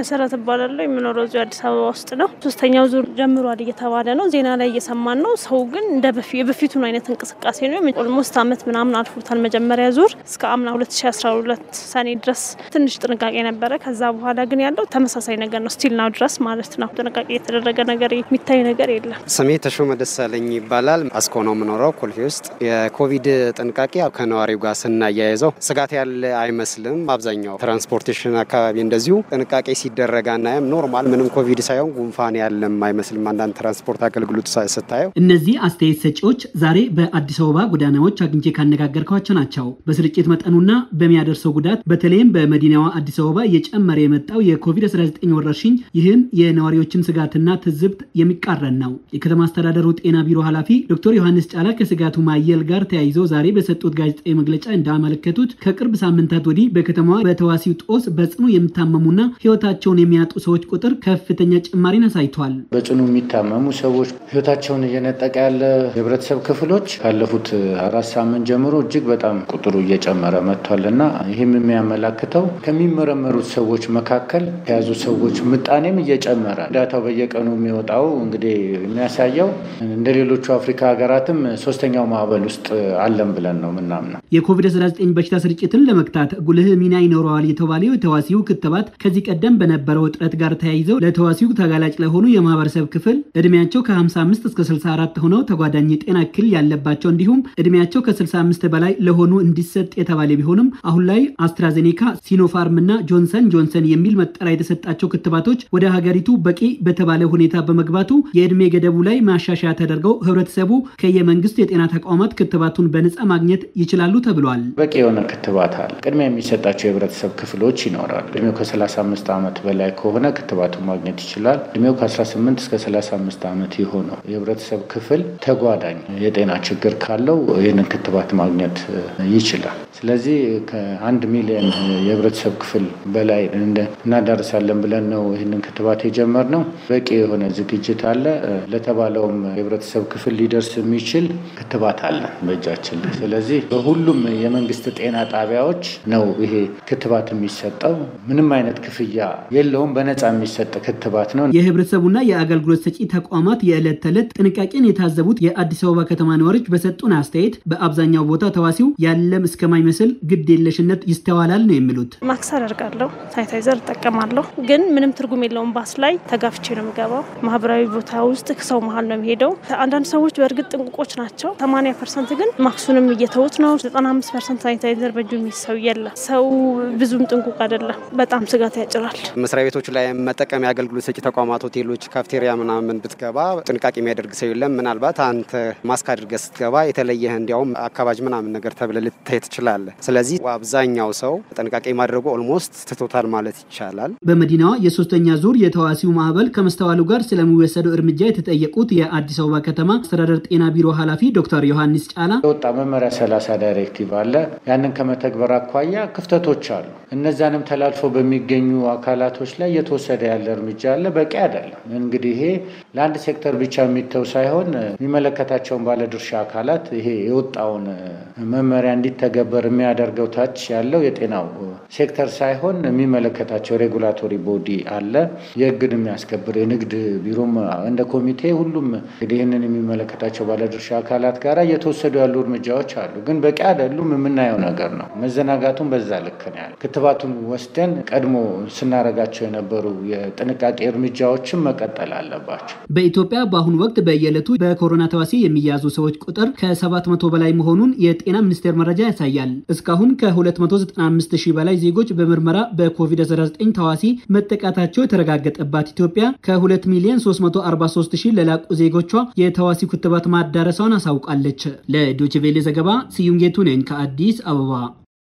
መሰረት እባላለሁ። የምኖረው እዚሁ አዲስ አበባ ውስጥ ነው። ሶስተኛው ዙር ጀምሯል እየተባለ ነው፣ ዜና ላይ እየሰማን ነው። ሰው ግን እንደ የበፊቱን አይነት እንቅስቃሴ ነው። ኦልሞስት አመት ምናምን አልፎታል። መጀመሪያ ዙር እስከ አምና 2012 ሰኔ ድረስ ትንሽ ጥንቃቄ ነበረ። ከዛ በኋላ ግን ያለው ተመሳሳይ ነገር ነው፣ ስቲል ናው ድረስ ማለት ነው። ጥንቃቄ የተደረገ ነገር የሚታይ ነገር የለም። ስሜ ተሾመ ደሳለኝ ይባላል። አስኮ ነው የምኖረው፣ ኮልፌ ውስጥ። የኮቪድ ጥንቃቄ ከነዋሪው ጋር ስናያይዘው ስጋት ያለ አይመስልም። አብዛኛው ትራንስፖርቴሽን አካባቢ እንደዚሁ ጥንቃቄ ሲደረግ አናየም። ኖርማል ምንም ኮቪድ ሳይሆን ጉንፋን ያለም አይመስልም። አንዳንድ ትራንስፖርት አገልግሎት ስታየው እነዚህ አስተያየት ሰጪዎች ዛሬ በአዲስ አበባ ጎዳናዎች አግኝቼ ካነጋገርኳቸው ናቸው። በስርጭት መጠኑና በሚያደርሰው ጉዳት በተለይም በመዲናዋ አዲስ አበባ እየጨመረ የመጣው የኮቪድ-19 ወረርሽኝ ይህን የነዋሪዎችን ስጋትና ትዝብት የሚቃረን ነው። የከተማ አስተዳደሩ ጤና ቢሮ ኃላፊ ዶክተር ዮሐንስ ጫላ ከስጋቱ ማየል ጋር ተያይዘው ዛሬ በሰጡት ጋዜጣዊ መግለጫ እንዳመለከቱት ከቅርብ ሳምንታት ወዲህ በከተማዋ በተዋሲው ጦስ በጽኑ የሚታመሙና ህይወታ ህይወታቸውን የሚያጡ ሰዎች ቁጥር ከፍተኛ ጭማሪን አሳይቷል። በጭኑ የሚታመሙ ሰዎች ህይወታቸውን እየነጠቀ ያለ የህብረተሰብ ክፍሎች ካለፉት አራት ሳምንት ጀምሮ እጅግ በጣም ቁጥሩ እየጨመረ መጥቷል እና ይህም የሚያመላክተው ከሚመረመሩት ሰዎች መካከል የያዙ ሰዎች ምጣኔም እየጨመረ ዳታው በየቀኑ የሚወጣው እንግዲህ የሚያሳየው እንደ ሌሎቹ አፍሪካ ሀገራትም ሶስተኛው ማዕበል ውስጥ አለን ብለን ነው ምናምነው። የኮቪድ-19 በሽታ ስርጭትን ለመግታት ጉልህ ሚና ይኖረዋል የተባለው የተዋሲው ክትባት ከዚህ ቀደም በነበረው እጥረት ጋር ተያይዘው ለተዋሲው ተጋላጭ ለሆኑ የማህበረሰብ ክፍል እድሜያቸው ከ55 እስከ 64 ሆነው ተጓዳኝ የጤና እክል ያለባቸው እንዲሁም እድሜያቸው ከ65 በላይ ለሆኑ እንዲሰጥ የተባለ ቢሆንም አሁን ላይ አስትራዜኔካ፣ ሲኖፋርም እና ጆንሰን ጆንሰን የሚል መጠሪያ የተሰጣቸው ክትባቶች ወደ ሀገሪቱ በቂ በተባለ ሁኔታ በመግባቱ የእድሜ ገደቡ ላይ ማሻሻያ ተደርገው ህብረተሰቡ ከየመንግስቱ የጤና ተቋማት ክትባቱን በነጻ ማግኘት ይችላሉ ተብሏል። በቂ የሆነ ክትባት አለ። ቅድሚያ የሚሰጣቸው የህብረተሰብ ክፍሎች ይኖራል። እድሜው ከ35 ዓመት ዓመት በላይ ከሆነ ክትባቱን ማግኘት ይችላል። እድሜው ከ18 እስከ 35 ዓመት የሆነው የህብረተሰብ ክፍል ተጓዳኝ የጤና ችግር ካለው ይህንን ክትባት ማግኘት ይችላል። ስለዚህ ከአንድ ሚሊዮን የህብረተሰብ ክፍል በላይ እናዳርሳለን ብለን ነው ይህንን ክትባት የጀመርነው። በቂ የሆነ ዝግጅት አለ። ለተባለውም የህብረተሰብ ክፍል ሊደርስ የሚችል ክትባት አለ በእጃችን ስለዚህ በሁሉም የመንግስት ጤና ጣቢያዎች ነው ይሄ ክትባት የሚሰጠው። ምንም አይነት ክፍያ የለውም። በነፃ የሚሰጥ ክትባት ነው። የህብረተሰቡና የአገልግሎት ሰጪ ተቋማት የዕለት ተዕለት ጥንቃቄን የታዘቡት የአዲስ አበባ ከተማ ነዋሪዎች በሰጡን አስተያየት በአብዛኛው ቦታ ተዋሲው ያለም እስከማ የማይመስል ግድ የለሽነት ይስተዋላል ነው የሚሉት። ማክስ አደርጋለሁ፣ ሳኒታይዘር እጠቀማለሁ፣ ግን ምንም ትርጉም የለውም። ባስ ላይ ተጋፍቼ ነው የሚገባው። ማህበራዊ ቦታ ውስጥ ሰው መሀል ነው የሚሄደው። አንዳንድ ሰዎች በእርግጥ ጥንቁቆች ናቸው። 80 ፐርሰንት ግን ማክሱንም እየተውት ነው። 95 ፐርሰንት ሳኒታይዘር በእጁ የሚሰው የለ። ሰው ብዙም ጥንቁቅ አይደለም። በጣም ስጋት ያጭራል። መስሪያ ቤቶች ላይ መጠቀም አገልግሎት ሰጪ ተቋማት፣ ሆቴሎች፣ ካፍቴሪያ ምናምን ብትገባ ጥንቃቄ የሚያደርግ ሰው የለም። ምናልባት አንተ ማስክ አድርገህ ስትገባ የተለየህ እንዲያውም አካባጅ ምናምን ነገር ተብለህ ልትታይ ትችላል። አለ። ስለዚህ አብዛኛው ሰው ጥንቃቄ ማድረጉ ኦልሞስት ትቶታል ማለት ይቻላል። በመዲናዋ የሶስተኛ ዙር የተዋሲው ማዕበል ከመስተዋሉ ጋር ስለሚወሰደው እርምጃ የተጠየቁት የአዲስ አበባ ከተማ አስተዳደር ጤና ቢሮ ኃላፊ ዶክተር ዮሐንስ ጫላ የወጣ መመሪያ ሰላሳ ዳይሬክቲቭ አለ። ያንን ከመተግበር አኳያ ክፍተቶች አሉ። እነዛንም ተላልፎ በሚገኙ አካላቶች ላይ እየተወሰደ ያለ እርምጃ አለ። በቂ አይደለም። እንግዲህ ይሄ ለአንድ ሴክተር ብቻ የሚተው ሳይሆን የሚመለከታቸውን ባለድርሻ አካላት ይሄ የወጣውን መመሪያ እንዲተገበር እንዲተገበር የሚያደርገው ታች ያለው የጤናው ሴክተር ሳይሆን የሚመለከታቸው ሬጉላቶሪ ቦዲ አለ። የህግን የሚያስከብር የንግድ ቢሮም እንደ ኮሚቴ ሁሉም እንግዲህ ይህንን የሚመለከታቸው ባለድርሻ አካላት ጋር እየተወሰዱ ያሉ እርምጃዎች አሉ፣ ግን በቂ አይደሉም። የምናየው ነገር ነው። መዘናጋቱን በዛ ልክ ነው ያለ። ክትባቱን ወስደን ቀድሞ ስናረጋቸው የነበሩ የጥንቃቄ እርምጃዎችን መቀጠል አለባቸው። በኢትዮጵያ በአሁኑ ወቅት በየዕለቱ በኮሮና ተዋሲ የሚያዙ ሰዎች ቁጥር ከሰባት መቶ በላይ መሆኑን የጤና ሚኒስቴር መረጃ ያሳያል። እስካሁን ከ 295000 በላይ ዜጎች በምርመራ በኮቪድ-19 ተዋሲ መጠቃታቸው የተረጋገጠባት ኢትዮጵያ ከ2 ሚሊዮን 343 ለላቁ ዜጎቿ የተዋሲ ክትባት ማዳረሷን አሳውቃለች። ለዶችቬሌ ዘገባ ስዩም ጌቱ ነኝ ከአዲስ አበባ።